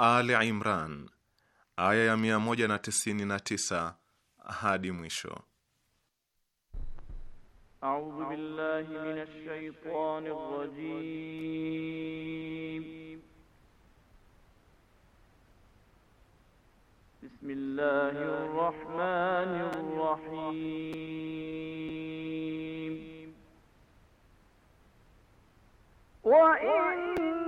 Ali Imran aya ya 199 hadi mwisho. A'udhu billahi minash shaitanir rajim. Bismillahir rahmanir rahim. Wa in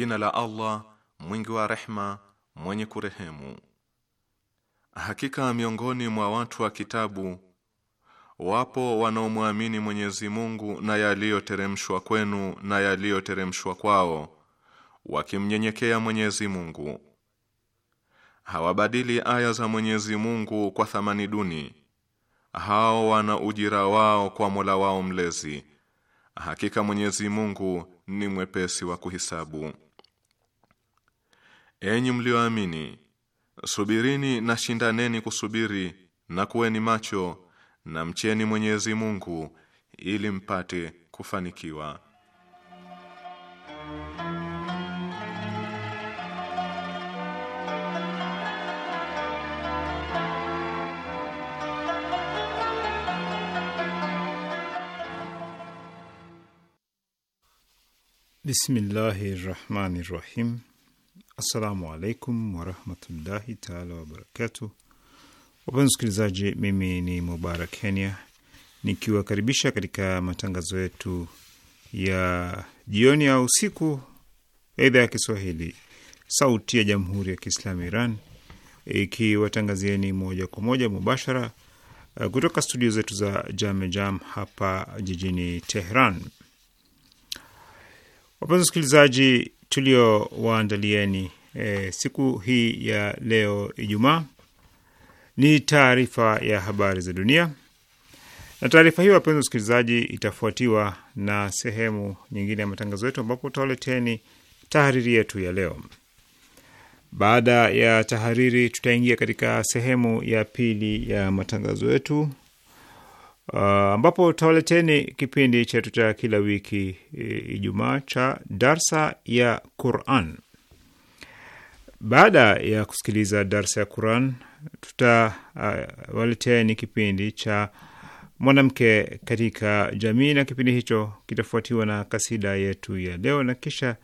jina la Allah mwingi wa rehma, mwenye kurehemu. Hakika miongoni mwa watu wa kitabu wapo wanaomwamini Mwenyezi Mungu na yaliyoteremshwa kwenu na yaliyoteremshwa kwao, wakimnyenyekea Mwenyezi Mungu. Hawabadili aya za Mwenyezi Mungu kwa thamani duni. Hao wana ujira wao kwa Mola wao mlezi. Hakika Mwenyezi Mungu ni mwepesi wa kuhisabu. Enyi mlioamini, subirini na shindaneni kusubiri na kuweni macho na mcheni Mwenyezi Mungu ili mpate kufanikiwa. Bismillahi rahmani rahim. Assalamu alaikum warahmatullahi taala wabarakatu. Wapenzi msikilizaji, mimi ni Mubarak Kenya nikiwakaribisha katika matangazo yetu ya jioni au usiku ya idhaa ya Kiswahili Sauti ya Jamhuri ya Kiislamu Iran ikiwatangazieni moja kwa moja mubashara eh, kutoka studio zetu za Jamejam Jam hapa jijini Tehran. Wapenzi msikilizaji, tuliowaandalieni e, siku hii ya leo Ijumaa ni taarifa ya habari za dunia, na taarifa hiyo, wapenzi wasikilizaji, itafuatiwa na sehemu nyingine ya matangazo yetu ambapo utawaleteni tahariri yetu ya leo. Baada ya tahariri, tutaingia katika sehemu ya pili ya matangazo yetu Uh, ambapo tutawaleteni tawaleteni kipindi chetu cha kila wiki e, Ijumaa cha darsa ya Quran. Baada ya kusikiliza darsa ya Quran, tutawaleteni uh, kipindi cha mwanamke katika jamii, na kipindi hicho kitafuatiwa na kasida yetu ya leo, na kisha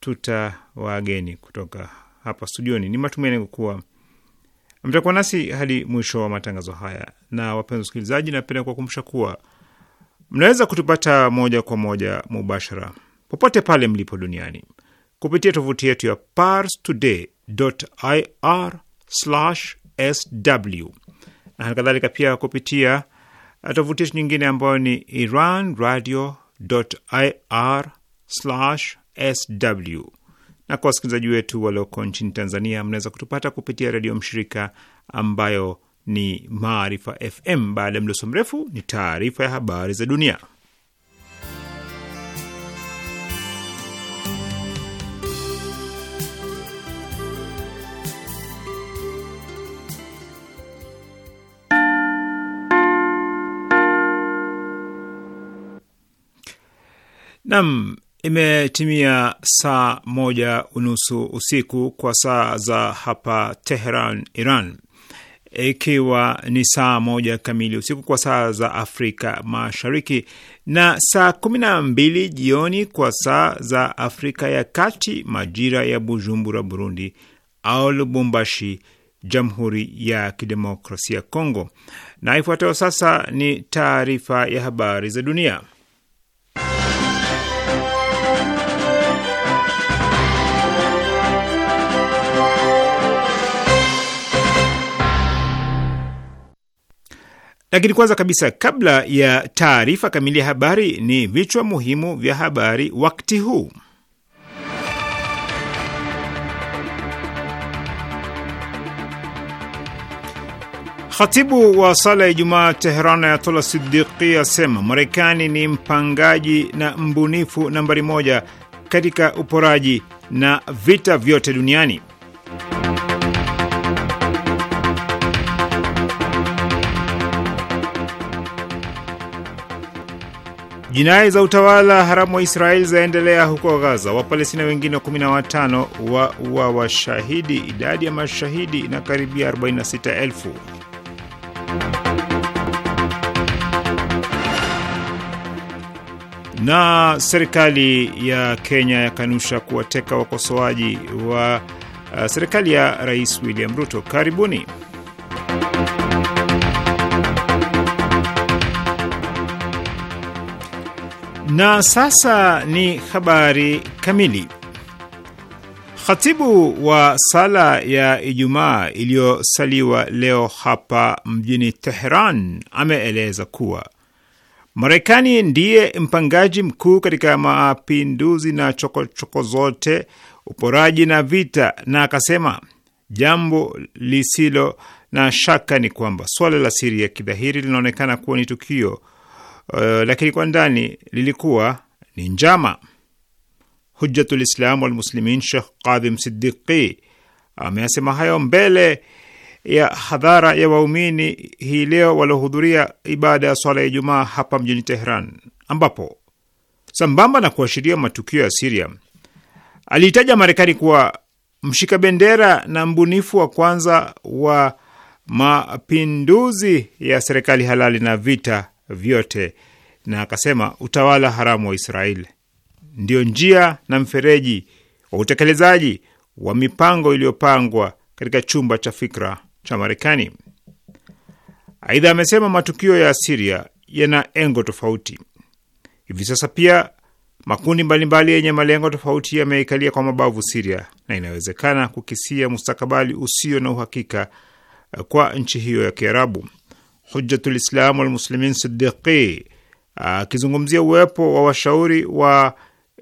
tutawageni kutoka hapa studioni. Ni matumaini yangu kuwa Mtakuwa nasi hadi mwisho wa matangazo haya. Na wapenzi wasikilizaji, napenda kuwakumbusha kuwa mnaweza kutupata moja kwa moja mubashara popote pale mlipo duniani kupitia tovuti yetu ya parstoday.ir/sw na hali kadhalika pia kupitia tovuti yetu nyingine ambayo ni iranradio.ir/sw na kwa wasikilizaji wetu walioko nchini Tanzania, mnaweza kutupata kupitia redio mshirika ambayo ni Maarifa FM. Baada ya mdoso mrefu, ni taarifa ya habari za dunia. Nam Imetimia saa moja unusu usiku kwa saa za hapa Teheran, Iran, ikiwa ni saa moja kamili usiku kwa saa za Afrika Mashariki na saa kumi na mbili jioni kwa saa za Afrika ya Kati, majira ya Bujumbura, Burundi, au Lubumbashi, Jamhuri ya Kidemokrasia Kongo. Na ifuatayo sasa ni taarifa ya habari za dunia. Lakini kwanza kabisa, kabla ya taarifa kamili ya habari, ni vichwa muhimu vya habari wakati huu. Khatibu wa sala ya Ijumaa Teheran Ayatola sidiqi asema Marekani ni mpangaji na mbunifu nambari moja katika uporaji na vita vyote duniani. Jinai za utawala haramu wa Israeli zaendelea huko Gaza. Wapalestina wengine 15 wa wa washahidi. Idadi ya mashahidi inakaribia 46,000. Na serikali ya Kenya yakanusha kuwateka wakosoaji wa uh, serikali ya Rais William Ruto. Karibuni. Na sasa ni habari kamili. Khatibu wa sala ya Ijumaa iliyosaliwa leo hapa mjini Teheran ameeleza kuwa Marekani ndiye mpangaji mkuu katika mapinduzi na chokochoko choko zote, uporaji na vita, na akasema jambo lisilo na shaka ni kwamba suala la Siria kidhahiri linaonekana kuwa ni tukio Eh, lakini kwa ndani lilikuwa ni njama. Hujjatul Islam wal Muslimin Shekh Kadhim Siddiqi ameyasema hayo mbele ya hadhara ya waumini hii leo waliohudhuria ibada ya swala ya Ijumaa hapa mjini Tehran, ambapo sambamba na kuashiria matukio ya Siria aliitaja Marekani kuwa mshika bendera na mbunifu wa kwanza wa mapinduzi ya serikali halali na vita vyote, na akasema utawala haramu wa Israeli ndio njia na mfereji wa utekelezaji wa mipango iliyopangwa katika chumba cha fikra cha Marekani. Aidha amesema matukio ya Siria yana engo tofauti hivi sasa. Pia makundi mbalimbali yenye malengo tofauti yameikalia kwa mabavu Siria na inawezekana kukisia mustakabali usio na uhakika kwa nchi hiyo ya Kiarabu. Hujjatul Islam wal Muslimin Siddiqi ah, akizungumzia uwepo wa washauri wa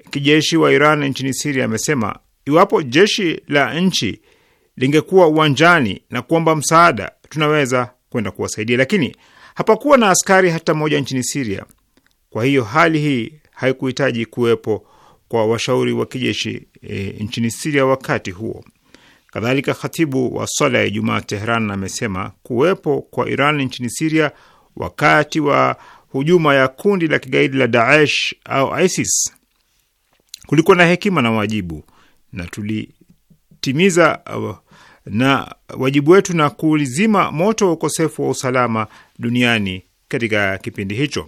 kijeshi wa Iran nchini Siria amesema iwapo jeshi la nchi lingekuwa uwanjani na kuomba msaada, tunaweza kwenda kuwasaidia, lakini hapakuwa na askari hata mmoja nchini Siria. Kwa hiyo hali hii haikuhitaji kuwepo kwa washauri wa kijeshi e, nchini Siria wakati huo. Kadhalika, khatibu wa swala ya Ijumaa Tehran amesema kuwepo kwa Iran nchini Siria wakati wa hujuma ya kundi la kigaidi la Daesh au ISIS kulikuwa na hekima na wajibu, na tulitimiza uh, na wajibu wetu na kulizima moto wa ukosefu wa usalama duniani katika kipindi hicho.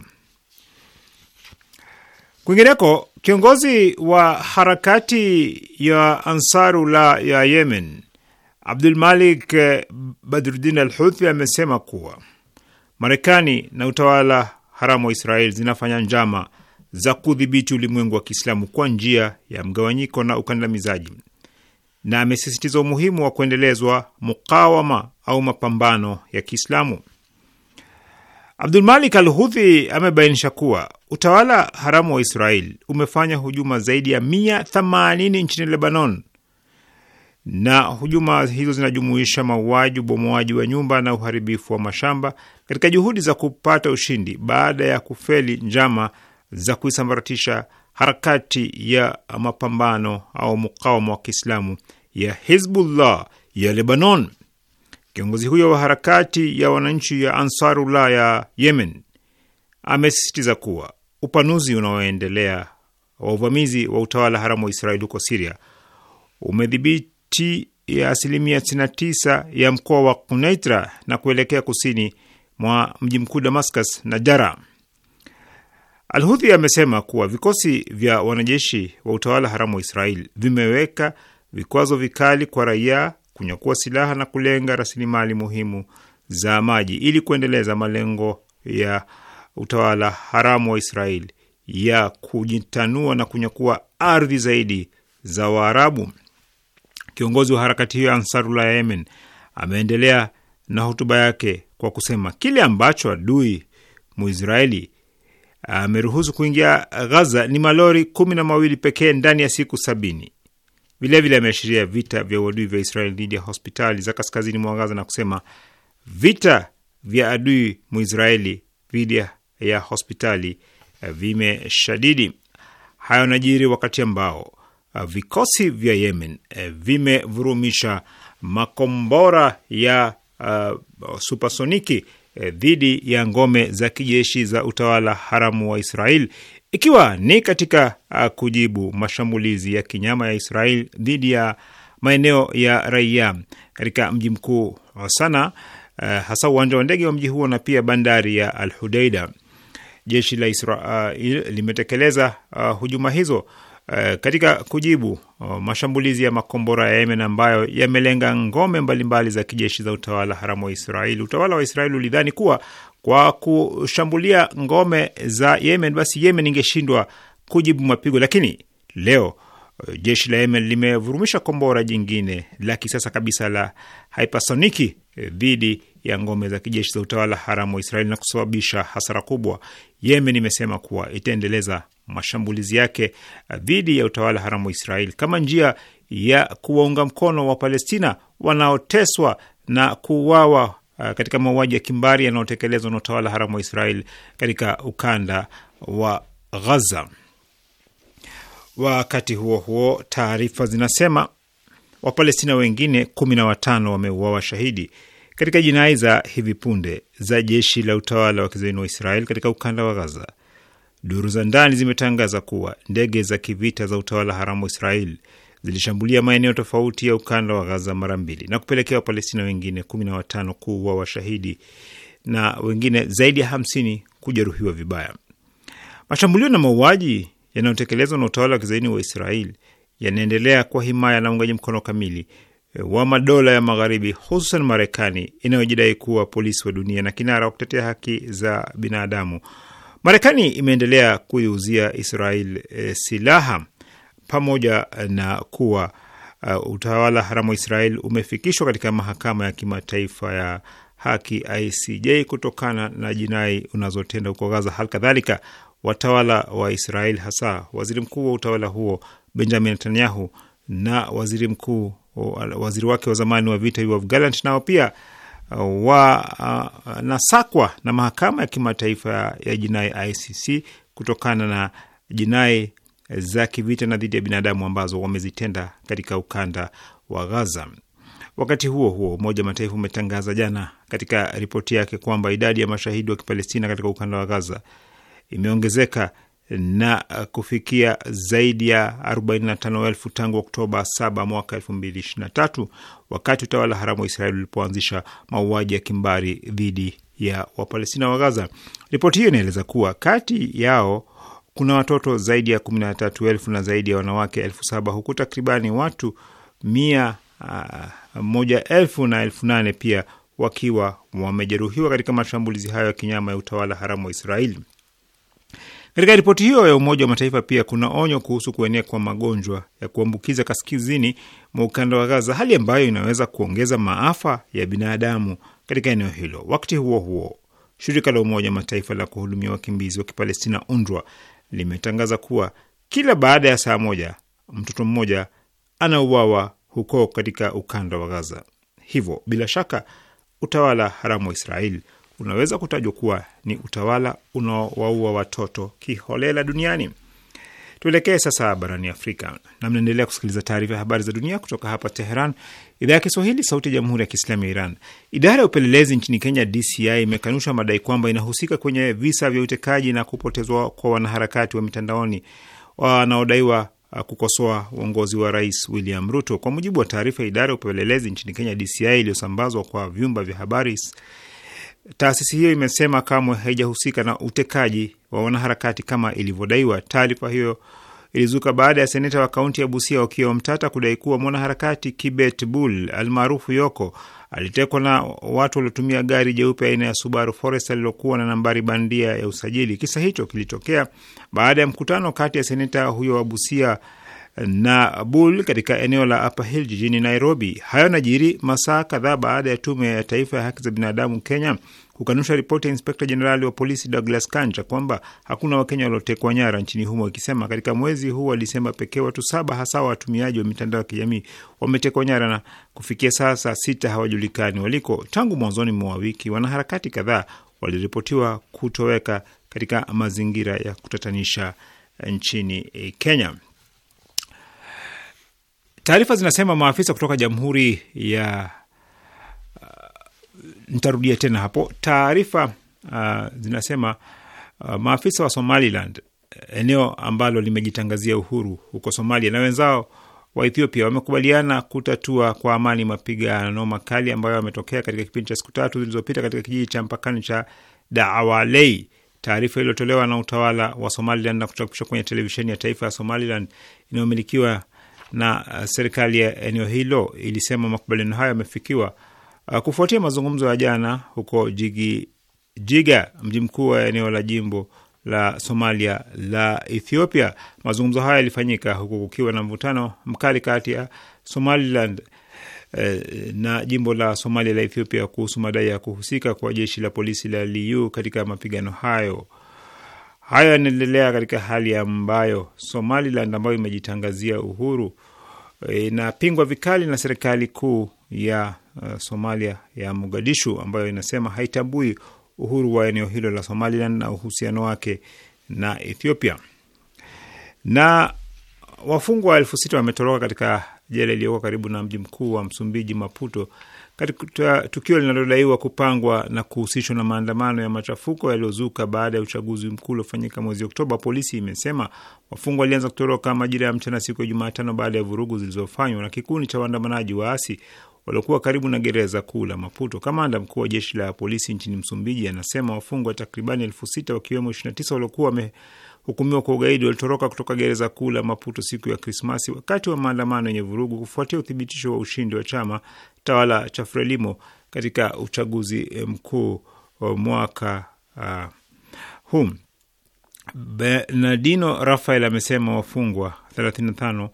Kwingineko, kiongozi wa harakati ya Ansarullah ya Yemen Abdul Malik eh, Badruddin al Huthi amesema kuwa Marekani na utawala haramu wa Israel zinafanya njama za kudhibiti ulimwengu wa Kiislamu kwa njia ya mgawanyiko na ukandamizaji, na amesisitiza umuhimu wa kuendelezwa mukawama au mapambano ya Kiislamu. Abdulmalik al Hudhi amebainisha kuwa utawala haramu wa Israel umefanya hujuma zaidi ya 180 nchini Lebanon, na hujuma hizo zinajumuisha mauaji, ubomoaji wa nyumba na uharibifu wa mashamba katika juhudi za kupata ushindi baada ya kufeli njama za kuisambaratisha harakati ya mapambano au mukawama wa Kiislamu ya Hizbullah ya Lebanon. Kiongozi huyo wa harakati ya wananchi ya Ansarullah ya Yemen amesisitiza kuwa upanuzi unaoendelea wa uvamizi wa utawala haramu wa Israeli huko Siria umedhibiti ya asilimia 99 ya mkoa wa Kunaitra na kuelekea kusini mwa mji mkuu Damascus na Jara. Alhudhi amesema kuwa vikosi vya wanajeshi wa utawala haramu wa Israeli vimeweka vikwazo vikali kwa raia kunyakua silaha na kulenga rasilimali muhimu za maji ili kuendeleza malengo ya utawala haramu wa Israeli ya kujitanua na kunyakua ardhi zaidi za Waarabu. Kiongozi wa harakati hiyo Ansarullah ya Yemen ameendelea na hotuba yake kwa kusema kile ambacho adui Muisraeli ameruhusu kuingia Ghaza ni malori kumi na mawili pekee ndani ya siku sabini. Vilevile ameashiria vita vya uadui vya israeli dhidi ya hospitali za kaskazini mwa Gaza na kusema vita vya adui Mwisraeli dhidi ya hospitali eh, vimeshadidi. Hayo najiri wakati ambao eh, vikosi vya Yemen eh, vimevurumisha makombora ya uh, supasoniki dhidi ya ngome za kijeshi za utawala haramu wa Israel ikiwa ni katika uh, kujibu mashambulizi ya kinyama ya Israel dhidi ya maeneo ya raia katika mji mkuu Sana, uh, hasa uwanja wa ndege wa mji huo na pia bandari ya Al Hudaida. Jeshi la Israel uh, limetekeleza uh, hujuma hizo uh, katika kujibu uh, mashambulizi ya makombora ya Yemen ambayo yamelenga ngome mbalimbali mbali za kijeshi za utawala haramu wa Israeli. Utawala wa Israeli ulidhani kuwa kwa kushambulia ngome za Yemen, basi Yemen ingeshindwa kujibu mapigo. Lakini leo eh, jeshi la Yemen limevurumisha kombora jingine la kisasa kabisa la hypersoniki eh, dhidi ya ngome za kijeshi za utawala haramu wa Israeli na kusababisha hasara kubwa. Yemen imesema kuwa itaendeleza mashambulizi yake eh, dhidi ya utawala haramu wa Israeli kama njia ya kuwaunga mkono wa Palestina wanaoteswa na kuuawa Uh, katika mauaji ya kimbari yanayotekelezwa na utawala haramu wa Israel katika ukanda wa Ghaza. Wakati huo huo, taarifa zinasema Wapalestina wengine kumi na watano wameuawa shahidi katika jinai za hivi punde za jeshi la utawala wa kizayuni wa Israel katika ukanda wa Gaza. Duru za ndani zimetangaza kuwa ndege za kivita za utawala haramu wa Israel zilishambulia maeneo tofauti ya ukanda wa Gaza mara mbili na kupelekea Wapalestina wengine kumi na watano kuwa washahidi na wengine zaidi ya hamsini kujeruhiwa vibaya. Mashambulio na mauaji yanayotekelezwa na utawala wa kizaini wa israel yanaendelea kwa himaya na uungaji mkono kamili e, wa madola ya Magharibi, hususan Marekani inayojidai kuwa polisi wa dunia na kinara wa kutetea haki za binadamu. Marekani imeendelea kuiuzia Israel e, silaha pamoja na kuwa uh, utawala haramu wa Israel umefikishwa katika mahakama ya kimataifa ya haki ICJ kutokana na jinai unazotenda huko Gaza. Hali kadhalika watawala wa Israel, hasa waziri mkuu wa utawala huo Benjamin Netanyahu na waziri mkuu waziri wake wa zamani wa vita Yoav Gallant nao pia uh, wanasakwa uh, na mahakama ya kimataifa ya jinai ICC kutokana na jinai za kivita na dhidi ya binadamu ambazo wamezitenda katika ukanda wa Gaza. Wakati huo huo, Umoja wa Mataifa umetangaza jana katika ripoti yake kwamba idadi ya mashahidi wa Kipalestina katika ukanda wa Gaza imeongezeka na kufikia zaidi ya 45,000 tangu Oktoba 7 mwaka 2023 wakati utawala haramu wa Israeli ulipoanzisha mauaji ya kimbari dhidi ya Wapalestina wa Gaza. Ripoti hiyo inaeleza kuwa kati yao kuna watoto zaidi ya kumi na tatu elfu na zaidi ya wanawake elfu saba huku takribani watu mia ah, moja elfu na elfu nane pia wakiwa wamejeruhiwa katika mashambulizi hayo ya kinyama ya utawala haramu wa Israeli. Katika ripoti hiyo ya Umoja wa Mataifa pia kuna onyo kuhusu kuenea kwa magonjwa ya kuambukiza kaskazini mwa ukanda wa Gaza, hali ambayo inaweza kuongeza maafa ya binadamu katika eneo hilo. Wakati huo huo, shirika la Umoja wa Mataifa la kuhudumia wakimbizi wa Kipalestina UNRWA limetangaza kuwa kila baada ya saa moja mtoto mmoja anauawa huko katika ukanda wa Gaza. Hivyo bila shaka utawala haramu wa Israeli unaweza kutajwa kuwa ni utawala unaowaua watoto kiholela duniani. Tuelekee sasa barani Afrika, na mnaendelea kusikiliza taarifa ya habari za dunia kutoka hapa Teheran, idhaa ya Kiswahili, sauti ya jamhuri ya kiislamu ya Iran. Idara ya upelelezi nchini Kenya, DCI, imekanusha madai kwamba inahusika kwenye visa vya utekaji na kupotezwa kwa wanaharakati wa mitandaoni wanaodaiwa uh, kukosoa uongozi wa Rais William Ruto. Kwa mujibu wa taarifa ya idara ya upelelezi nchini Kenya, DCI, iliyosambazwa kwa vyumba vya habari, taasisi hiyo imesema kamwe haijahusika na utekaji wa wanaharakati kama ilivyodaiwa. Taarifa hiyo ilizuka baada ya seneta wa kaunti ya Busia Okiya Mtata kudai kuwa mwanaharakati Kibet Bull almaarufu Yoko alitekwa na watu waliotumia gari jeupe aina ya Subaru Forester alilokuwa na nambari bandia ya usajili. Kisa hicho kilitokea baada ya mkutano kati ya seneta huyo wa Busia na Bull katika eneo la Upper Hill jijini Nairobi. Hayo najiri masaa kadhaa baada ya tume ya taifa ya haki za binadamu Kenya kukanusha ripoti ya inspekta jenerali wa polisi Douglas Kanja kwamba hakuna Wakenya waliotekwa nyara nchini humo, ikisema katika mwezi huu wa Disemba pekee watu saba, hasa watumiaji wa mitandao ya kijamii wametekwa nyara, na kufikia sasa sita hawajulikani waliko. Tangu mwanzoni mwa wiki, wanaharakati kadhaa waliripotiwa kutoweka katika mazingira ya kutatanisha nchini Kenya. Taarifa zinasema maafisa kutoka Jamhuri ya nitarudia tena hapo. Taarifa uh, zinasema uh, maafisa wa Somaliland, eh, eneo ambalo limejitangazia uhuru huko Somalia, na wenzao wa Ethiopia wamekubaliana kutatua kwa amani mapigano makali ambayo yametokea katika kipindi cha siku tatu zilizopita katika kijiji cha mpakani cha Daawalei. Taarifa iliyotolewa na utawala wa Somaliland na kuchapishwa kwenye televisheni ya taifa ya Somaliland inayomilikiwa na uh, serikali ya eneo hilo ilisema makubaliano hayo yamefikiwa Uh, kufuatia mazungumzo ya jana huko Jigi, Jiga, mji mkuu wa eneo la jimbo la Somalia la Ethiopia, mazungumzo haya yalifanyika huku kukiwa na mvutano mkali kati ya Somaliland eh, na jimbo la Somalia la Ethiopia kuhusu madai ya kuhusika kwa jeshi la polisi la LiU katika mapigano hayo. Hayo yanaendelea katika hali ambayo Somaliland ambayo imejitangazia uhuru eh, inapingwa vikali na serikali kuu ya Uh, Somalia ya Mogadishu ambayo inasema haitambui uhuru wa eneo hilo la Somaliland na uhusiano wake na Ethiopia. Na wafungwa elfu sita wametoroka katika jela iliyoko karibu na mji mkuu wa Msumbiji, Maputo, katika tukio linalodaiwa kupangwa na kuhusishwa na maandamano ya machafuko yaliyozuka baada ya uchaguzi mkuu uliofanyika mwezi Oktoba. Polisi imesema wafungwa walianza kutoroka majira ya mchana siku ya Jumatano baada ya vurugu zilizofanywa na kikundi cha waandamanaji waasi waliokuwa karibu na gereza kuu la Maputo. Kamanda mkuu wa jeshi la polisi nchini Msumbiji anasema wafungwa takribani elfu sita wakiwemo 29 waliokuwa wamehukumiwa kwa ugaidi walitoroka kutoka gereza kuu la Maputo siku ya Krismasi wakati wa maandamano yenye vurugu kufuatia uthibitisho wa ushindi wa chama tawala cha Frelimo katika uchaguzi eh, mkuu wa mwaka uh, huu. Bernardino Rafael amesema wafungwa 35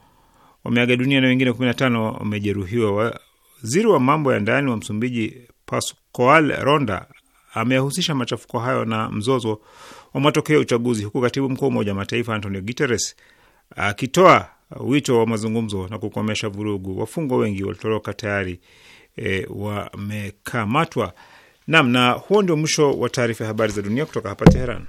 wameaga dunia na wengine 15 wamejeruhiwa. Waziri wa mambo ya ndani wa Msumbiji Pascoal Ronda ameyahusisha machafuko hayo na mzozo wa matokeo ya uchaguzi, huku katibu mkuu wa Umoja wa Mataifa Antonio Guterres akitoa wito wa mazungumzo na kukomesha vurugu. Wafungwa wengi walitoroka tayari e, wamekamatwa. Nam, na huo ndio mwisho wa taarifa ya habari za dunia kutoka hapa Teheran.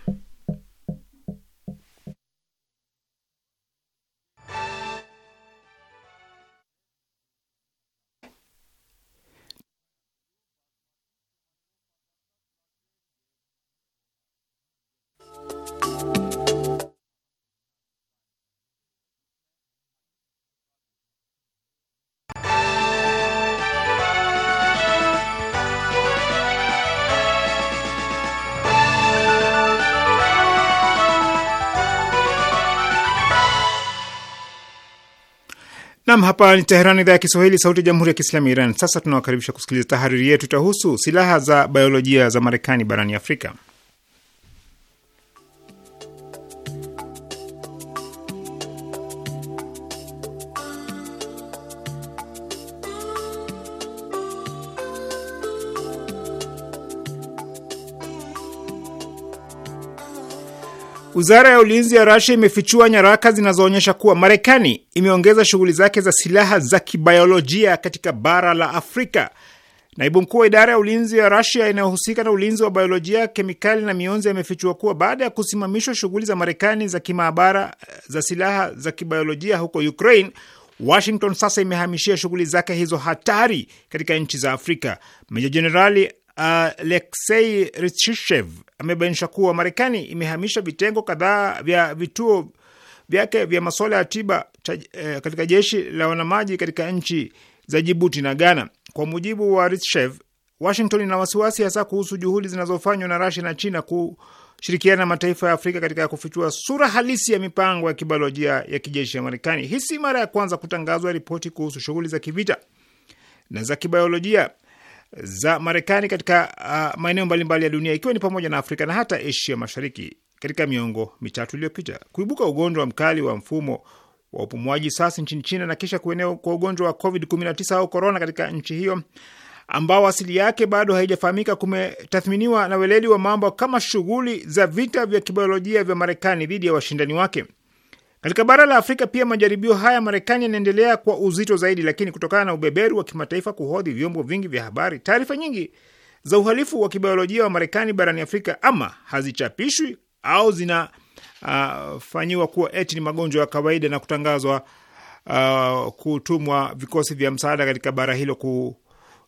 Nam, hapa ni Teheran, idhaa ya Kiswahili, sauti ya jamhuri ya kiislamu ya Iran. Sasa tunawakaribisha kusikiliza tahariri yetu. Itahusu silaha za biolojia za Marekani barani Afrika. Wizara ya ulinzi ya Rasia imefichua nyaraka zinazoonyesha kuwa Marekani imeongeza shughuli zake za silaha za kibayolojia katika bara la Afrika. Naibu mkuu wa idara ya ulinzi ya Rasia inayohusika na ulinzi wa biolojia, kemikali na mionzi amefichua kuwa baada ya kusimamishwa shughuli za Marekani za kimaabara za silaha za kibayolojia huko Ukraine, Washington sasa imehamishia shughuli zake hizo hatari katika nchi za Afrika. Meja Jenerali Uh, Alexei Richishev amebainisha kuwa Marekani imehamisha vitengo kadhaa vya vituo vyake vya masuala ya tiba eh, katika jeshi la wanamaji katika nchi za Jibuti na Ghana. Kwa mujibu wa Richishev, Washington ina wasiwasi hasa kuhusu juhudi zinazofanywa na Russia na China kushirikiana na mataifa ya Afrika katika kufichua sura halisi ya mipango ya kibiolojia ya kijeshi ya Marekani. Hii si mara ya kwanza kutangazwa ripoti kuhusu shughuli za kivita na za kibiolojia za Marekani katika uh, maeneo mbalimbali ya dunia ikiwa ni pamoja na Afrika na hata Asia Mashariki katika miongo mitatu iliyopita. Kuibuka ugonjwa mkali wa mfumo wa upumuaji sasa nchini China na kisha kuenea kwa ugonjwa wa COVID-19 au korona katika nchi hiyo ambao asili yake bado haijafahamika kumetathminiwa na weledi wa mambo kama shughuli za vita vya kibiolojia vya Marekani dhidi ya washindani wake. Katika bara la Afrika pia majaribio haya Marekani yanaendelea kwa uzito zaidi, lakini kutokana na ubeberu wa kimataifa kuhodhi vyombo vingi vya habari, taarifa nyingi za uhalifu wa kibiolojia wa Marekani barani Afrika ama hazichapishwi au zinafanyiwa ah, uh, kuwa eti ni magonjwa ya kawaida na kutangazwa uh, kutumwa vikosi vya msaada katika bara hilo ku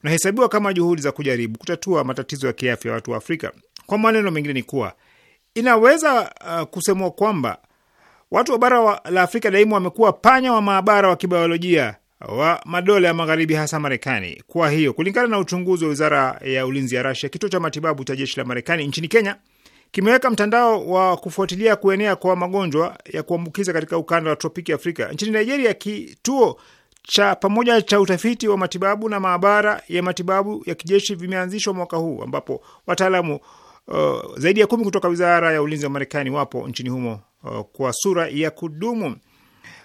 nahesabiwa kama juhudi za kujaribu kutatua matatizo ya kiafya ya watu wa Afrika. Kwa maneno mengine, ni kuwa inaweza uh, kusemwa kwamba Watu wa bara la Afrika daima wamekuwa panya wa maabara wa kibiolojia wa madola ya magharibi hasa Marekani. Kwa hiyo, kulingana na uchunguzi wa wizara ya ulinzi ya Rasia, kituo cha matibabu cha jeshi la Marekani nchini Kenya kimeweka mtandao wa kufuatilia kuenea kwa magonjwa ya kuambukiza katika ukanda wa tropiki Afrika. Nchini Nigeria, kituo cha pamoja cha utafiti wa matibabu na maabara ya matibabu ya kijeshi vimeanzishwa mwaka huu ambapo wataalamu uh, zaidi ya kumi kutoka wizara ya ulinzi wa Marekani wapo nchini humo Uh, kwa sura ya kudumu.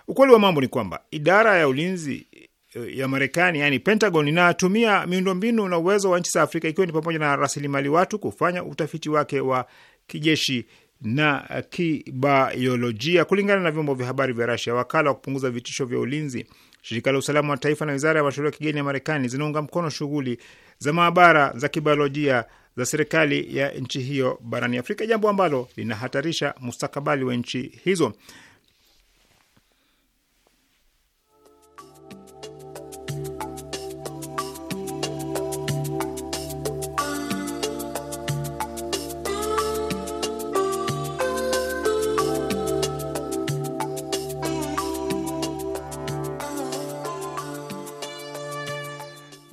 Ukweli wa mambo ni kwamba idara ya ulinzi uh, ya Marekani yani Pentagon inatumia miundombinu na uwezo wa nchi za Afrika ikiwa ni pamoja na rasilimali watu kufanya utafiti wake wa kijeshi na kibayolojia. Kulingana na vyombo vya habari vya Rasia, wakala wa kupunguza vitisho vya ulinzi, shirika la usalama wa taifa na wizara ya mashauri ya kigeni ya Marekani zinaunga mkono shughuli za maabara za kibayolojia za serikali ya nchi hiyo barani Afrika, jambo ambalo linahatarisha mustakabali wa nchi hizo.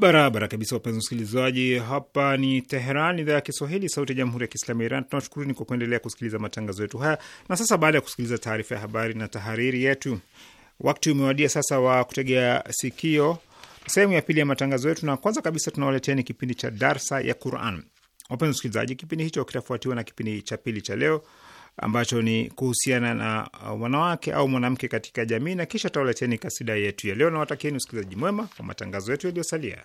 Barabara kabisa, wapenzi msikilizaji, hapa ni Teheran, idhaa ya Kiswahili, sauti ya jamhuri ya kiislamu ya Iran. Tunawashukuruni kwa kuendelea kusikiliza matangazo yetu haya. Na sasa baada ya kusikiliza taarifa ya habari na tahariri yetu, wakati umewadia sasa wa kutegea sikio sehemu ya pili ya matangazo yetu, na kwanza kabisa tunawaleteni kipindi cha darsa ya Quran. Wapenzi msikilizaji, kipindi hicho kitafuatiwa na kipindi cha pili cha leo ambacho ni kuhusiana na wanawake au mwanamke katika jamii, na kisha tawaleteni kasida yetu ya leo, na watakieni usikilizaji mwema wa matangazo yetu yaliyosalia.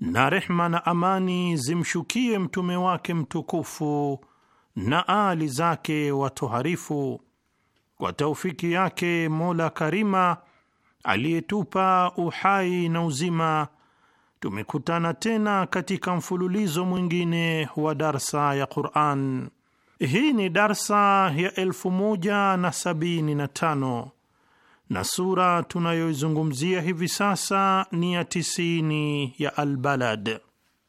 na rehma na amani zimshukie mtume wake mtukufu na aali zake watoharifu. Kwa taufiki yake Mola Karima aliyetupa uhai na uzima, tumekutana tena katika mfululizo mwingine wa darsa ya Quran. Hii ni darsa ya elfu moja na sabini na tano na sura tunayoizungumzia hivi sasa ni ya tisini ya Albalad.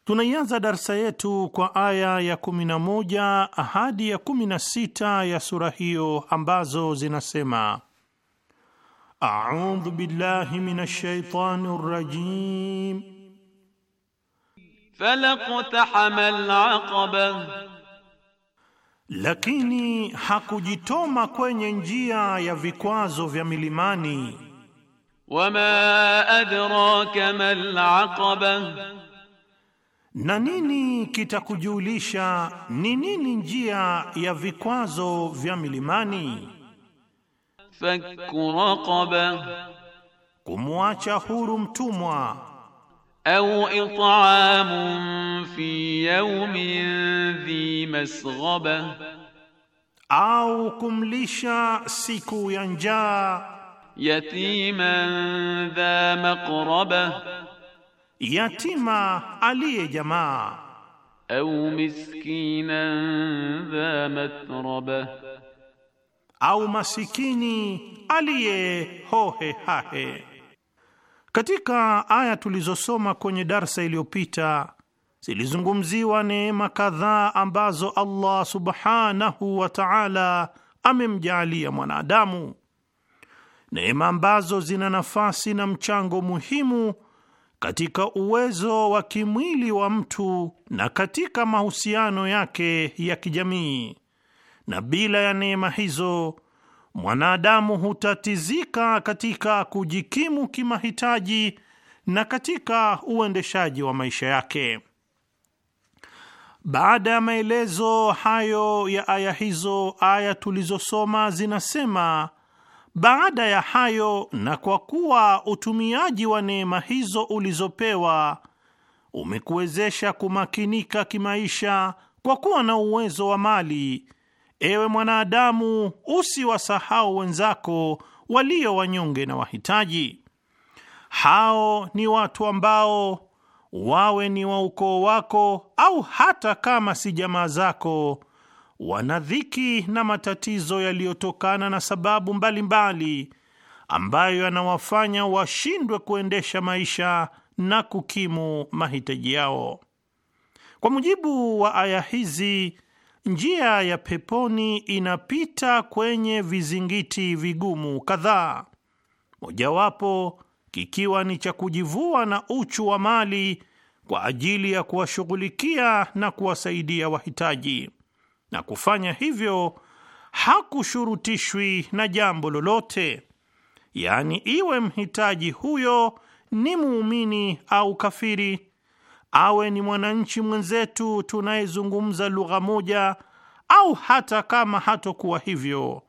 Tunaianza darsa yetu kwa aya ya moja hadi ya kumi na sita ya sura hiyo ambazo zinasema: audhu billahi min shaitani rajim lakini hakujitoma kwenye njia ya vikwazo vya milimani. Wama adraka mal aqaba, na nini kitakujulisha ni nini njia ya vikwazo vya milimani? Fakku raqaba, kumwacha huru mtumwa أو إطعام في يوم ذي مسغبة أو كمليشا سيكو ينجا يتيما ذا مقربة يتيما علي جماعة أو مسكينا ذا متربة أو مسكيني علي هوه هاهي Katika aya tulizosoma kwenye darsa iliyopita zilizungumziwa neema kadhaa ambazo Allah subhanahu wa ta'ala amemjaalia mwanadamu, neema ambazo zina nafasi na mchango muhimu katika uwezo wa kimwili wa mtu na katika mahusiano yake ya kijamii, na bila ya neema hizo mwanadamu hutatizika katika kujikimu kimahitaji na katika uendeshaji wa maisha yake. Baada ya maelezo hayo ya aya hizo, aya tulizosoma zinasema baada ya hayo, na kwa kuwa utumiaji wa neema hizo ulizopewa umekuwezesha kumakinika kimaisha kwa kuwa na uwezo wa mali Ewe mwanadamu, usiwasahau wenzako walio wanyonge na wahitaji. Hao ni watu ambao wawe ni wa ukoo wako au hata kama si jamaa zako, wana dhiki na matatizo yaliyotokana na sababu mbalimbali mbali, ambayo yanawafanya washindwe kuendesha maisha na kukimu mahitaji yao. Kwa mujibu wa aya hizi njia ya peponi inapita kwenye vizingiti vigumu kadhaa, mojawapo kikiwa ni cha kujivua na uchu wa mali kwa ajili ya kuwashughulikia na kuwasaidia wahitaji, na kufanya hivyo hakushurutishwi na jambo lolote, yaani iwe mhitaji huyo ni muumini au kafiri awe ni mwananchi mwenzetu tunayezungumza lugha moja, au hata kama hatokuwa hivyo,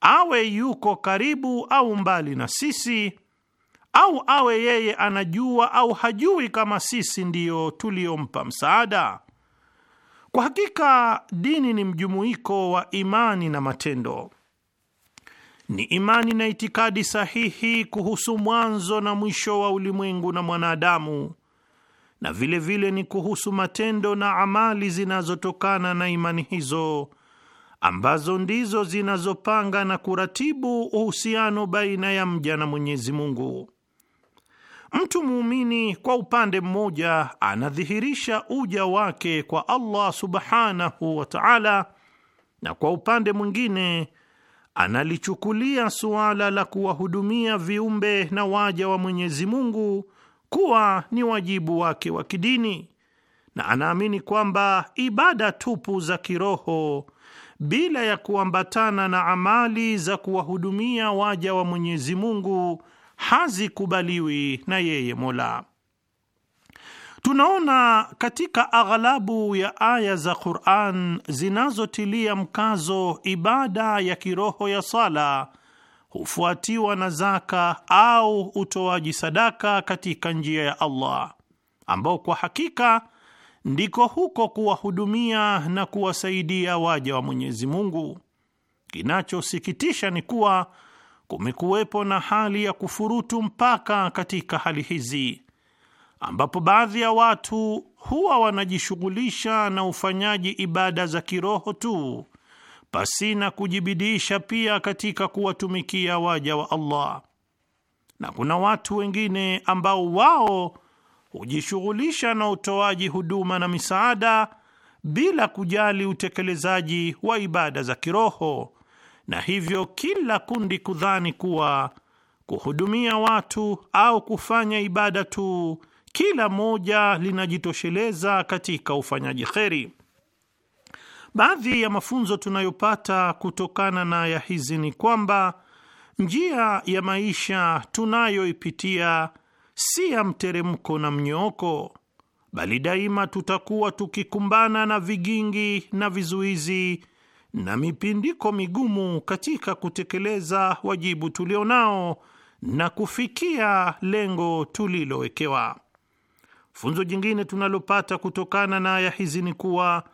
awe yuko karibu au mbali na sisi, au awe yeye anajua au hajui kama sisi ndiyo tuliompa msaada. Kwa hakika dini ni mjumuiko wa imani na matendo. Ni imani na itikadi sahihi kuhusu mwanzo na mwisho wa ulimwengu na mwanadamu na vile vile ni kuhusu matendo na amali zinazotokana na imani hizo ambazo ndizo zinazopanga na kuratibu uhusiano baina ya mja na Mwenyezi Mungu. Mtu muumini kwa upande mmoja anadhihirisha uja wake kwa Allah subhanahu wa ta'ala, na kwa upande mwingine analichukulia suala la kuwahudumia viumbe na waja wa Mwenyezi Mungu kuwa ni wajibu wake wa kidini, na anaamini kwamba ibada tupu za kiroho bila ya kuambatana na amali za kuwahudumia waja wa Mwenyezi Mungu hazikubaliwi na yeye Mola. Tunaona katika aghalabu ya aya za Qur'an zinazotilia mkazo ibada ya kiroho ya sala hufuatiwa na zaka au utoaji sadaka katika njia ya Allah, ambao kwa hakika ndiko huko kuwahudumia na kuwasaidia waja wa Mwenyezi Mungu. Kinachosikitisha ni kuwa kumekuwepo na hali ya kufurutu mpaka katika hali hizi, ambapo baadhi ya watu huwa wanajishughulisha na ufanyaji ibada za kiroho tu pasina kujibidisha pia katika kuwatumikia waja wa Allah. Na kuna watu wengine ambao wao hujishughulisha na utoaji huduma na misaada bila kujali utekelezaji wa ibada za kiroho, na hivyo kila kundi kudhani kuwa kuhudumia watu au kufanya ibada tu, kila moja linajitosheleza katika ufanyaji kheri. Baadhi ya mafunzo tunayopata kutokana na ya hizi ni kwamba njia ya maisha tunayoipitia si ya mteremko na mnyooko, bali daima tutakuwa tukikumbana na vigingi na vizuizi na mipindiko migumu katika kutekeleza wajibu tulio nao na kufikia lengo tulilowekewa. Funzo jingine tunalopata kutokana na aya hizi ni kuwa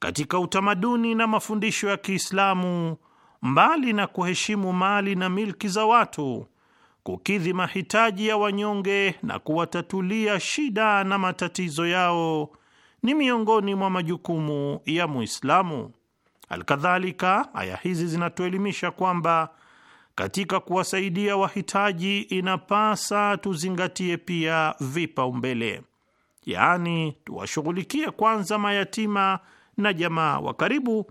katika utamaduni na mafundisho ya Kiislamu, mbali na kuheshimu mali na milki za watu, kukidhi mahitaji ya wanyonge na kuwatatulia shida na matatizo yao ni miongoni mwa majukumu ya Muislamu. Alkadhalika, aya hizi zinatuelimisha kwamba katika kuwasaidia wahitaji inapasa tuzingatie pia vipaumbele, yaani tuwashughulikie kwanza mayatima na jamaa wa karibu,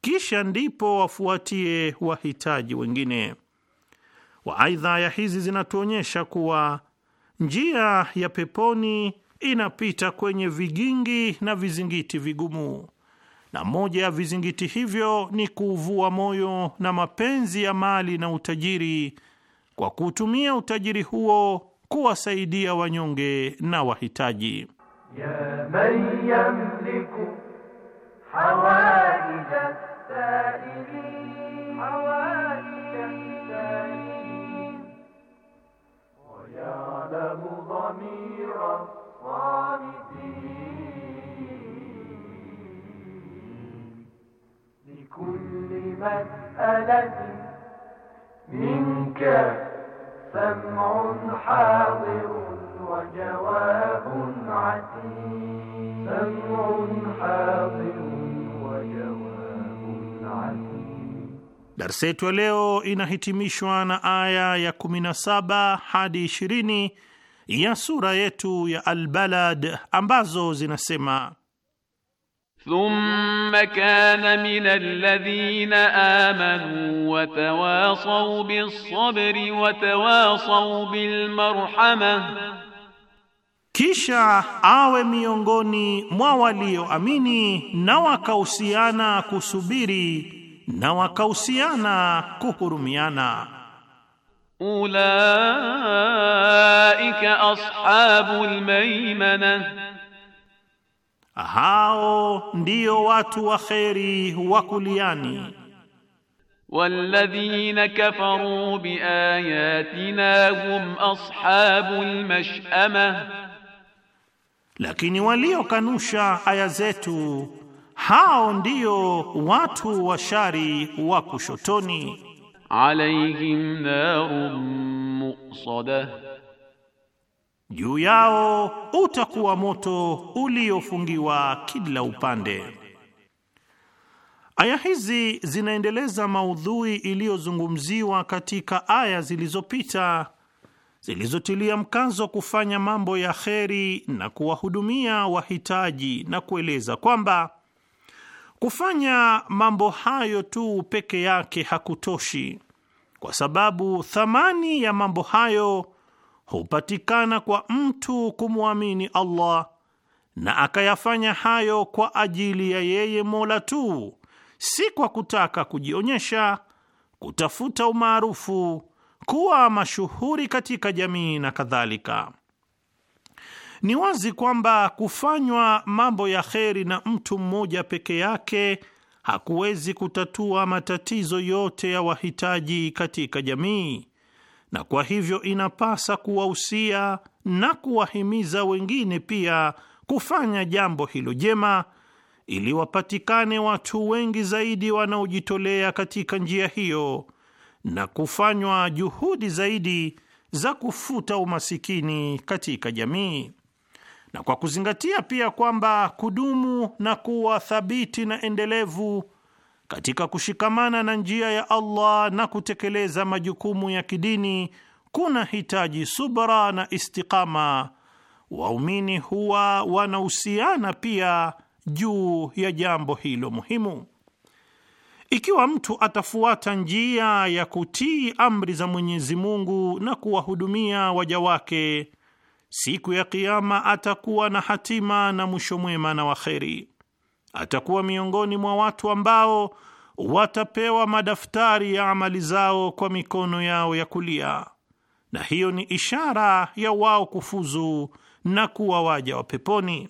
kisha ndipo wafuatie wahitaji wengine. Waaidha, ya hizi zinatuonyesha kuwa njia ya peponi inapita kwenye vigingi na vizingiti vigumu, na moja ya vizingiti hivyo ni kuuvua moyo na mapenzi ya mali na utajiri, kwa kuutumia utajiri huo kuwasaidia wanyonge na wahitaji ya حوائج السائلين حوائج السائلين ويعلم ضمير الصامتين لكل مسألة منك سمع حاضر وجواب عتيم سمع حاضر Darsa yetu ya leo inahitimishwa na aya ya 17 hadi 20 ya sura yetu ya Albalad ambazo zinasema Thumma kana min alladhina amanu watawasau bis sabri watawasau bil marhamah Kisha awe miongoni mwa walioamini na wakahusiana kusubiri na wakahusiana kuhurumiana. Ulaika ashabul maimana, hao ndio watu wa kheri wa kuliani. Walladhina kafaru biayatina hum ashabul mash'ama Lakini waliokanusha aya zetu hao ndio watu shari wa kushotoni. alayhim narun muqsada, juu yao utakuwa moto uliofungiwa kila upande. Aya hizi zinaendeleza maudhui iliyozungumziwa katika aya zilizopita zilizotilia mkazo kufanya mambo ya kheri na kuwahudumia wahitaji na kueleza kwamba kufanya mambo hayo tu peke yake hakutoshi, kwa sababu thamani ya mambo hayo hupatikana kwa mtu kumwamini Allah na akayafanya hayo kwa ajili ya yeye Mola tu, si kwa kutaka kujionyesha, kutafuta umaarufu kuwa mashuhuri katika jamii na kadhalika. Ni wazi kwamba kufanywa mambo ya kheri na mtu mmoja peke yake hakuwezi kutatua matatizo yote ya wahitaji katika jamii, na kwa hivyo inapasa kuwahusia na kuwahimiza wengine pia kufanya jambo hilo jema ili wapatikane watu wengi zaidi wanaojitolea katika njia hiyo na kufanywa juhudi zaidi za kufuta umasikini katika jamii, na kwa kuzingatia pia kwamba kudumu na kuwa thabiti na endelevu katika kushikamana na njia ya Allah na kutekeleza majukumu ya kidini kuna hitaji subra na istiqama, waumini huwa wanahusiana pia juu ya jambo hilo muhimu. Ikiwa mtu atafuata njia ya kutii amri za Mwenyezi Mungu na kuwahudumia waja wake, siku ya Kiama atakuwa na hatima na mwisho mwema na waheri. Atakuwa miongoni mwa watu ambao watapewa madaftari ya amali zao kwa mikono yao ya kulia, na hiyo ni ishara ya wao kufuzu na kuwa waja wa peponi.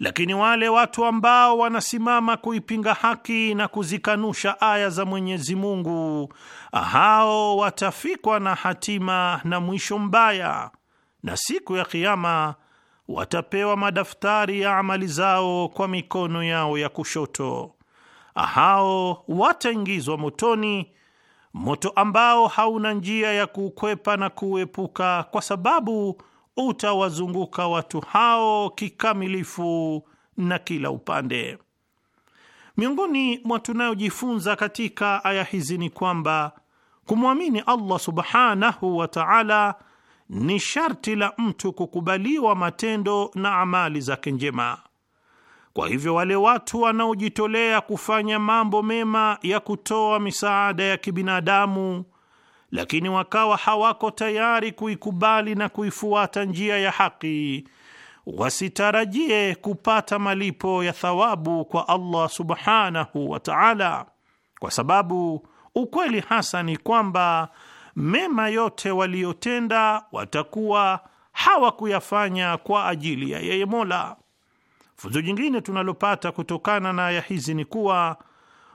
Lakini wale watu ambao wanasimama kuipinga haki na kuzikanusha aya za Mwenyezi Mungu, hao watafikwa na hatima na mwisho mbaya, na siku ya Kiama watapewa madaftari ya amali zao kwa mikono yao ya kushoto. Hao wataingizwa motoni, moto ambao hauna njia ya kuukwepa na kuuepuka, kwa sababu utawazunguka watu hao kikamilifu na kila upande. Miongoni mwa tunayojifunza katika aya hizi ni kwamba kumwamini Allah subhanahu wa ta'ala ni sharti la mtu kukubaliwa matendo na amali zake njema. Kwa hivyo wale watu wanaojitolea kufanya mambo mema ya kutoa misaada ya kibinadamu lakini wakawa hawako tayari kuikubali na kuifuata njia ya haki, wasitarajie kupata malipo ya thawabu kwa Allah subhanahu wa ta'ala, kwa sababu ukweli hasa ni kwamba mema yote waliyotenda watakuwa hawakuyafanya kwa ajili ya yeye Mola. Funzo jingine tunalopata kutokana na aya hizi ni kuwa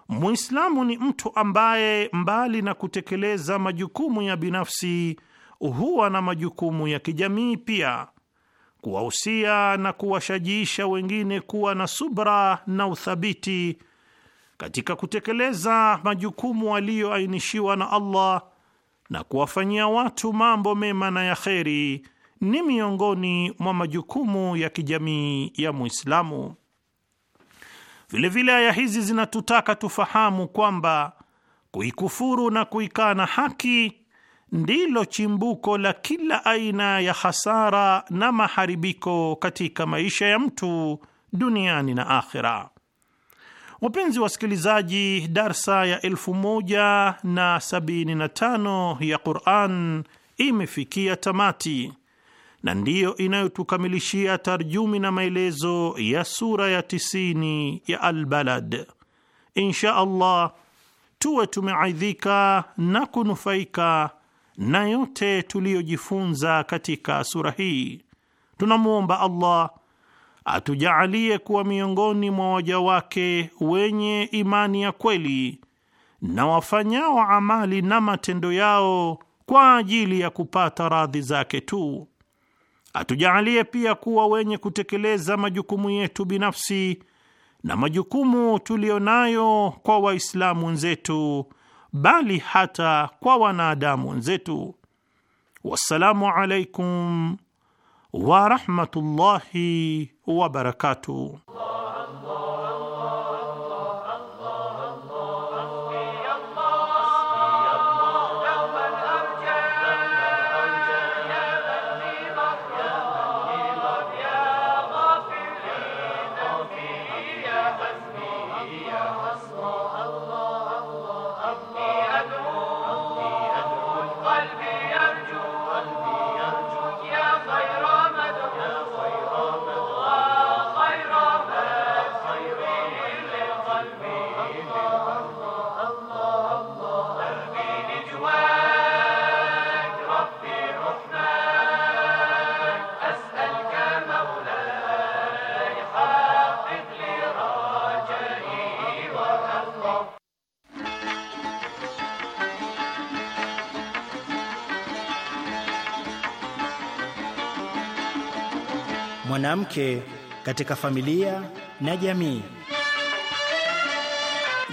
Muislamu ni mtu ambaye mbali na kutekeleza majukumu ya binafsi huwa na majukumu ya kijamii pia, kuwahusia na kuwashajiisha wengine kuwa na subra na uthabiti katika kutekeleza majukumu aliyoainishiwa na Allah na kuwafanyia watu mambo mema na ya kheri ni miongoni mwa majukumu ya kijamii ya Muislamu. Vilevile aya hizi zinatutaka tufahamu kwamba kuikufuru na kuikana haki ndilo chimbuko la kila aina ya hasara na maharibiko katika maisha ya mtu duniani na akhira Wapenzi wasikilizaji, darsa ya 175 ya Qur'an imefikia tamati na ndiyo inayotukamilishia tarjumi na maelezo ya sura ya tisini ya Albalad. Insha Allah tuwe tumeaidhika na kunufaika na yote tuliyojifunza katika sura hii. Tunamwomba Allah atujaalie kuwa miongoni mwa waja wake wenye imani ya kweli na wafanyao amali na matendo yao kwa ajili ya kupata radhi zake tu Atujaalie pia kuwa wenye kutekeleza majukumu yetu binafsi na majukumu tuliyo nayo kwa Waislamu wenzetu, bali hata kwa wanadamu wenzetu. Wassalamu alaikum warahmatullahi wabarakatuh. wake katika familia na jamii.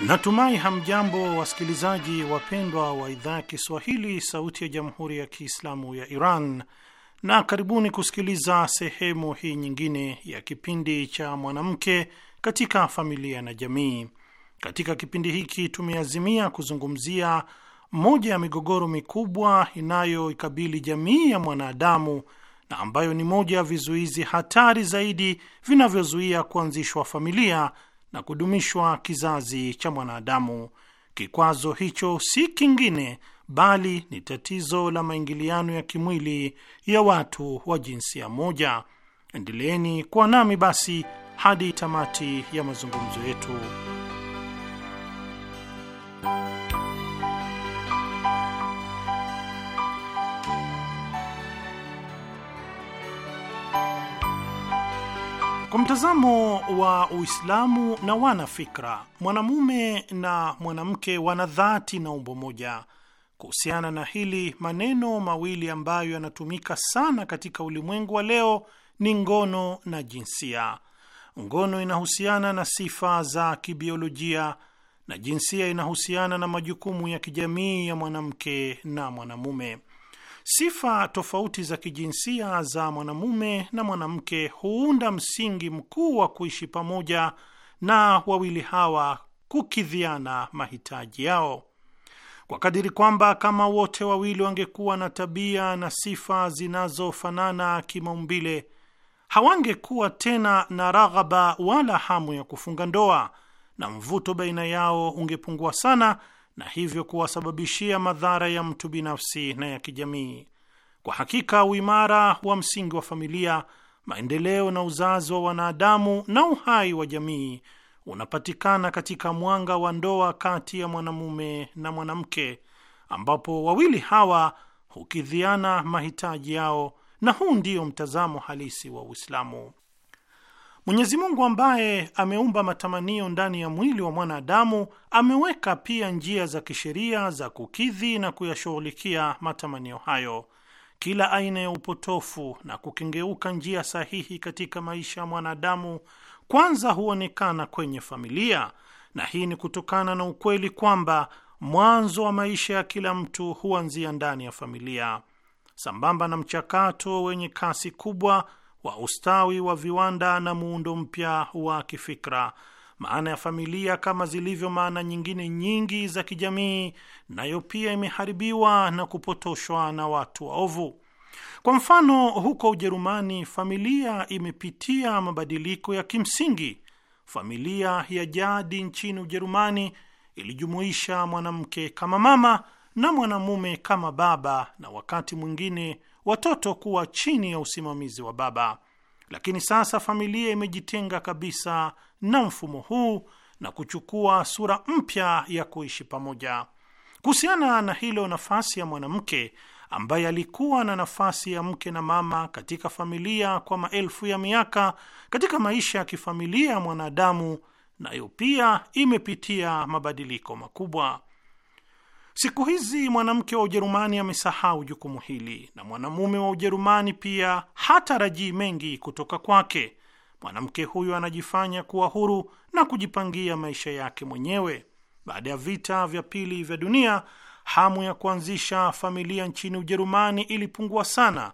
Natumai hamjambo, wasikilizaji wapendwa wa idhaa ya Kiswahili, Sauti ya Jamhuri ya Kiislamu ya Iran, na karibuni kusikiliza sehemu hii nyingine ya kipindi cha Mwanamke katika Familia na Jamii. Katika kipindi hiki tumeazimia kuzungumzia moja ya migogoro mikubwa inayoikabili jamii ya mwanadamu na ambayo ni moja ya vizuizi hatari zaidi vinavyozuia kuanzishwa familia na kudumishwa kizazi cha mwanadamu. Kikwazo hicho si kingine bali ni tatizo la maingiliano ya kimwili ya watu wa jinsia moja. Endeleeni kuwa nami basi hadi tamati ya mazungumzo yetu. Kwa mtazamo wa Uislamu na wanafikra, mwanamume na mwanamke wana dhati na umbo moja. Kuhusiana na hili, maneno mawili ambayo yanatumika sana katika ulimwengu wa leo ni ngono na jinsia. Ngono inahusiana na sifa za kibiolojia na jinsia inahusiana na majukumu ya kijamii ya mwanamke na mwanamume. Sifa tofauti za kijinsia za mwanamume na mwanamke huunda msingi mkuu wa kuishi pamoja na wawili hawa kukidhiana mahitaji yao, kwa kadiri kwamba kama wote wawili wangekuwa na tabia na sifa zinazofanana kimaumbile, hawangekuwa tena na raghaba wala hamu ya kufunga ndoa, na mvuto baina yao ungepungua sana na hivyo kuwasababishia madhara ya mtu binafsi na ya kijamii. Kwa hakika uimara wa msingi wa familia, maendeleo na uzazi wa wanadamu na uhai wa jamii unapatikana katika mwanga wa ndoa kati ya mwanamume na mwanamke, ambapo wawili hawa hukidhiana mahitaji yao, na huu ndio mtazamo halisi wa Uislamu. Mwenyezi Mungu ambaye ameumba matamanio ndani ya mwili wa mwanadamu ameweka pia njia za kisheria za kukidhi na kuyashughulikia matamanio hayo. Kila aina ya upotofu na kukengeuka njia sahihi katika maisha ya mwanadamu kwanza huonekana kwenye familia, na hii ni kutokana na ukweli kwamba mwanzo wa maisha ya kila mtu huanzia ndani ya familia, sambamba na mchakato wenye kasi kubwa wa ustawi wa viwanda na muundo mpya wa kifikra. Maana ya familia, kama zilivyo maana nyingine nyingi za kijamii, nayo pia imeharibiwa na kupotoshwa na watu waovu. Kwa mfano, huko Ujerumani familia imepitia mabadiliko ya kimsingi. Familia ya jadi nchini Ujerumani ilijumuisha mwanamke kama mama na mwanamume kama baba, na wakati mwingine watoto kuwa chini ya usimamizi wa baba. Lakini sasa familia imejitenga kabisa na mfumo huu na kuchukua sura mpya ya kuishi pamoja. Kuhusiana na hilo, nafasi ya mwanamke ambaye alikuwa na nafasi ya mke na mama katika familia kwa maelfu ya miaka, katika maisha ya kifamilia ya mwanadamu, nayo pia imepitia mabadiliko makubwa. Siku hizi mwanamke wa Ujerumani amesahau jukumu hili na mwanamume wa Ujerumani pia hatarajii mengi kutoka kwake. Mwanamke huyu anajifanya kuwa huru na kujipangia maisha yake mwenyewe. Baada ya vita vya pili vya dunia, hamu ya kuanzisha familia nchini Ujerumani ilipungua sana,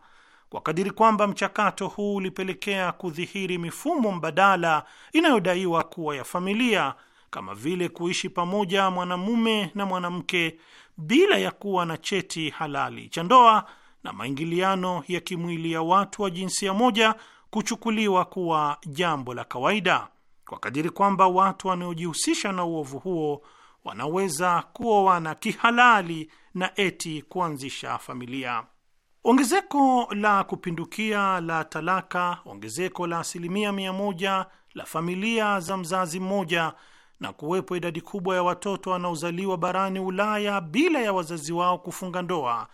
kwa kadiri kwamba mchakato huu ulipelekea kudhihiri mifumo mbadala inayodaiwa kuwa ya familia kama vile kuishi pamoja mwanamume na mwanamke bila ya kuwa na cheti halali cha ndoa na maingiliano ya kimwili ya watu wa jinsia moja kuchukuliwa kuwa jambo la kawaida, kwa kadiri kwamba watu wanaojihusisha na uovu huo wanaweza kuoana kihalali na eti kuanzisha familia. Ongezeko la kupindukia la talaka, ongezeko la asilimia mia moja la familia za mzazi mmoja na kuwepo idadi kubwa ya watoto wanaozaliwa barani Ulaya bila ya wazazi wao kufunga ndoa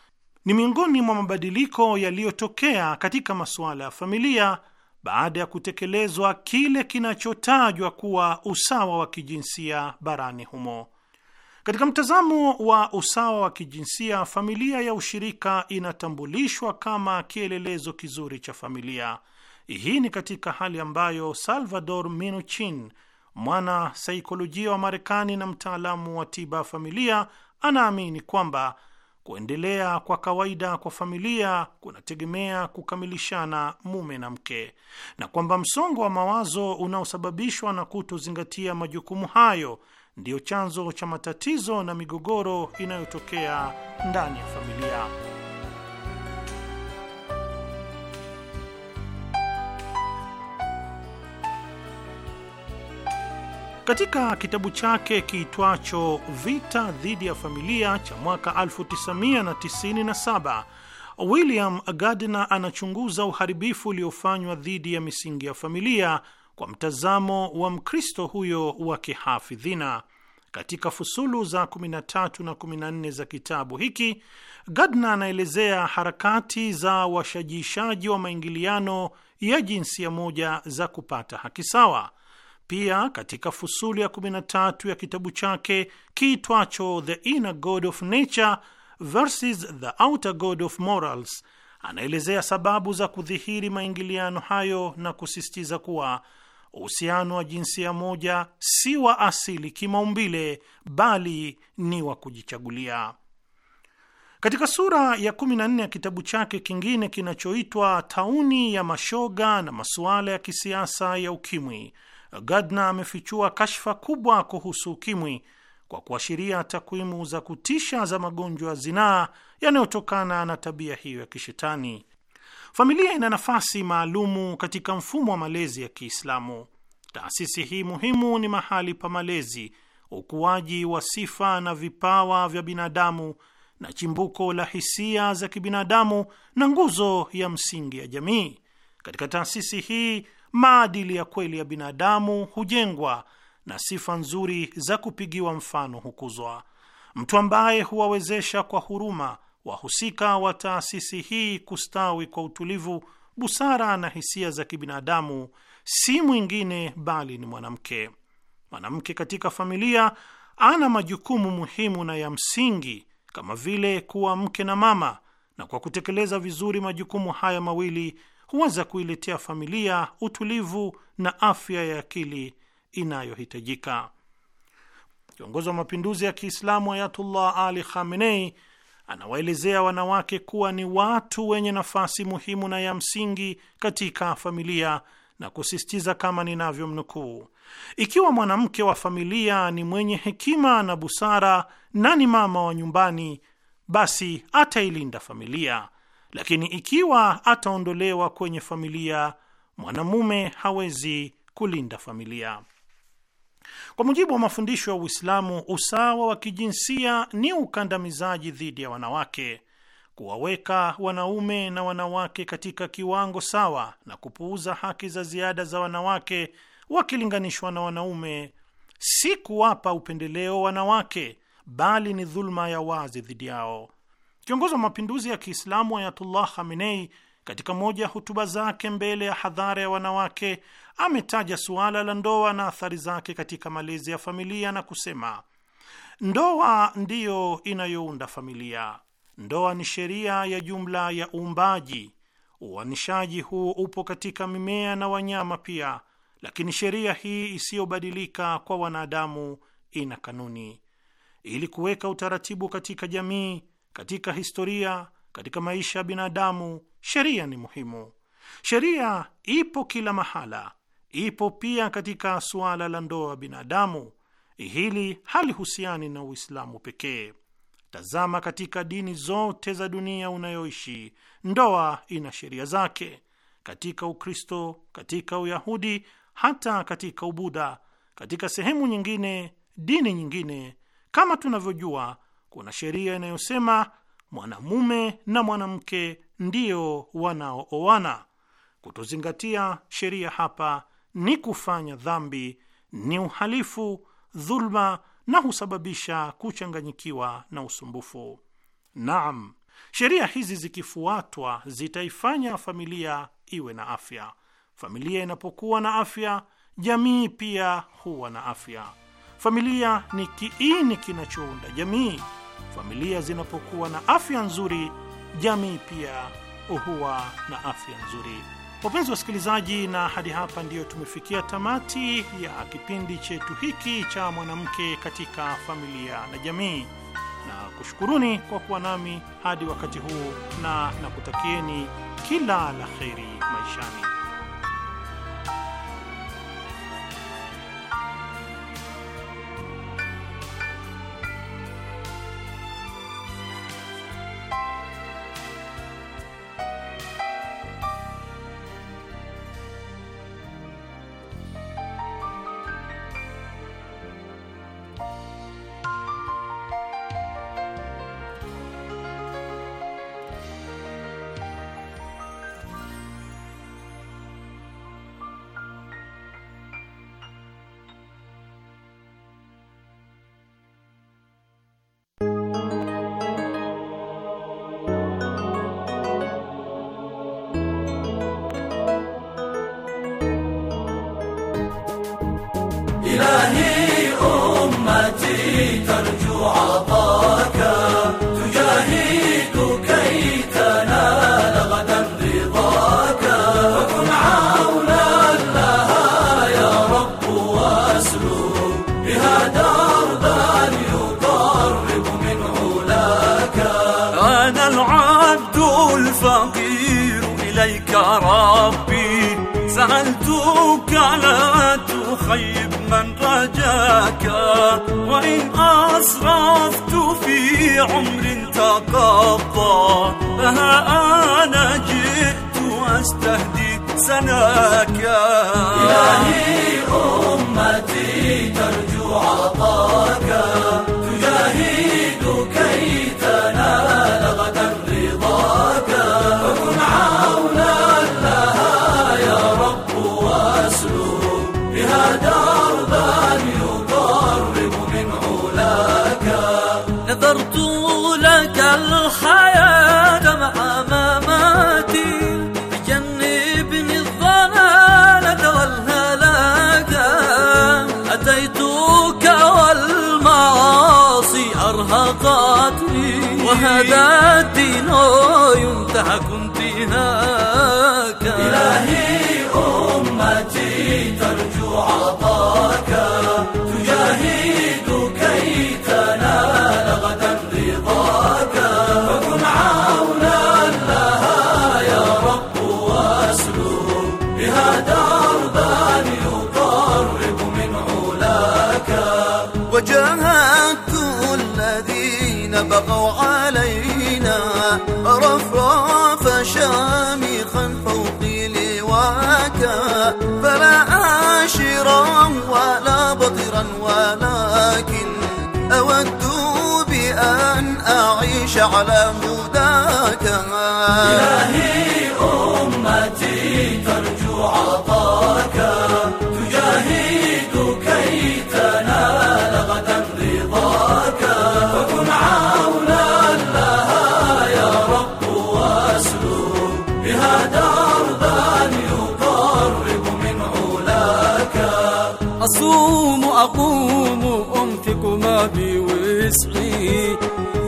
ni miongoni mwa mabadiliko yaliyotokea katika masuala ya familia baada ya kutekelezwa kile kinachotajwa kuwa usawa wa kijinsia barani humo. Katika mtazamo wa usawa wa kijinsia, familia ya ushirika inatambulishwa kama kielelezo kizuri cha familia. Hii ni katika hali ambayo Salvador Minuchin mwana saikolojia wa Marekani na mtaalamu wa tiba familia anaamini kwamba kuendelea kwa kawaida kwa familia kunategemea kukamilishana mume na mke, na kwamba msongo wa mawazo unaosababishwa na kutozingatia majukumu hayo ndiyo chanzo cha matatizo na migogoro inayotokea ndani ya familia. Katika kitabu chake kiitwacho Vita dhidi ya Familia cha mwaka 1997 William Gardner anachunguza uharibifu uliofanywa dhidi ya misingi ya familia kwa mtazamo wa Mkristo huyo wa kihafidhina. Katika fusulu za 13 na 14 za kitabu hiki, Gardner anaelezea harakati za washajishaji wa maingiliano ya jinsia moja za kupata haki sawa pia katika fusuli ya 13 ya kitabu chake kiitwacho The Inner God of Nature versus The Outer God of Morals anaelezea sababu za kudhihiri maingiliano hayo na kusisitiza kuwa uhusiano wa jinsia moja si wa asili kimaumbile, bali ni wa kujichagulia. Katika sura ya 14 ya kitabu chake kingine kinachoitwa Tauni ya Mashoga na Masuala ya Kisiasa ya Ukimwi, Gardner amefichua kashfa kubwa kuhusu ukimwi kwa kuashiria takwimu za kutisha za magonjwa ya zinaa yanayotokana na tabia hiyo ya kishetani. Familia ina nafasi maalumu katika mfumo wa malezi ya Kiislamu. Taasisi hii muhimu ni mahali pa malezi, ukuaji wa sifa na vipawa vya binadamu na chimbuko la hisia za kibinadamu na nguzo ya msingi ya jamii. Katika taasisi hii maadili ya kweli ya binadamu hujengwa na sifa nzuri za kupigiwa mfano hukuzwa. Mtu ambaye huwawezesha kwa huruma wahusika wa taasisi hii kustawi kwa utulivu, busara na hisia za kibinadamu si mwingine bali ni mwanamke. Mwanamke katika familia ana majukumu muhimu na ya msingi kama vile kuwa mke na mama, na kwa kutekeleza vizuri majukumu haya mawili huweza kuiletea familia utulivu na afya ya akili inayohitajika. Kiongozi wa mapinduzi ya Kiislamu Ayatullah Ali Khamenei anawaelezea wanawake kuwa ni watu wenye nafasi muhimu na ya msingi katika familia na kusisitiza kama ninavyomnukuu: ikiwa mwanamke wa familia ni mwenye hekima na busara na ni mama wa nyumbani, basi atailinda familia lakini ikiwa ataondolewa kwenye familia, mwanamume hawezi kulinda familia. Kwa mujibu wa mafundisho ya Uislamu, usawa wa kijinsia ni ukandamizaji dhidi ya wanawake. Kuwaweka wanaume na wanawake katika kiwango sawa na kupuuza haki za ziada za wanawake wakilinganishwa na wanaume si kuwapa upendeleo wanawake, bali ni dhuluma ya wazi dhidi yao. Kiongozi wa mapinduzi ya Kiislamu Ayatullah Khamenei katika moja ya hutuba zake mbele ya hadhara ya wanawake ametaja suala la ndoa na athari zake katika malezi ya familia na kusema, ndoa ndiyo inayounda familia. Ndoa ni sheria ya jumla ya uumbaji. Uanishaji huu upo katika mimea na wanyama pia, lakini sheria hii isiyobadilika kwa wanadamu ina kanuni. Ili kuweka utaratibu katika jamii katika historia, katika maisha ya binadamu, sheria ni muhimu. Sheria ipo kila mahala, ipo pia katika suala la ndoa wa binadamu. Hili halihusiani na Uislamu pekee. Tazama, katika dini zote za dunia unayoishi, ndoa ina sheria zake, katika Ukristo, katika Uyahudi, hata katika Ubudha. Katika sehemu nyingine, dini nyingine, kama tunavyojua kuna sheria inayosema mwanamume na mwanamke ndio wanaooana. Kutozingatia sheria hapa ni kufanya dhambi, ni uhalifu, dhulma na husababisha kuchanganyikiwa na usumbufu. Naam, sheria hizi zikifuatwa zitaifanya familia iwe na afya. Familia inapokuwa na afya, jamii pia huwa na afya. Familia ni kiini kinachounda jamii. Familia zinapokuwa na afya nzuri, jamii pia huwa na afya nzuri. Wapenzi wasikilizaji, na hadi hapa ndiyo tumefikia tamati ya kipindi chetu hiki cha mwanamke katika familia na jamii, na kushukuruni kwa kuwa nami hadi wakati huu, na nakutakieni kila la kheri maishani. على الطاعة على هداك إلهي أمتي ترجو عطاك تجاهد كي تنال غدا رضاك فكن عونا لها يا رب واسلو بها دربا يقرب من علاك أصوم أقوم أنفق ما بوسعي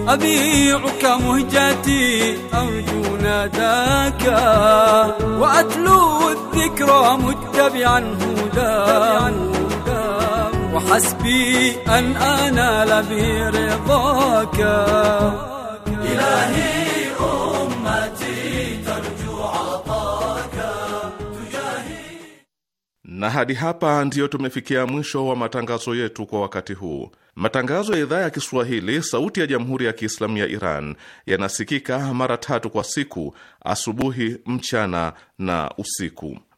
أبيعك مهجتي أرجو ناداك وأتلو الذكرى متبعا هدى وحسبي أن أنال برضاك إلهي أوه Na hadi hapa ndiyo tumefikia mwisho wa matangazo yetu kwa wakati huu. Matangazo ya idhaa ya Kiswahili sauti ya jamhuri ya Kiislamu ya Iran yanasikika mara tatu kwa siku: asubuhi, mchana na usiku.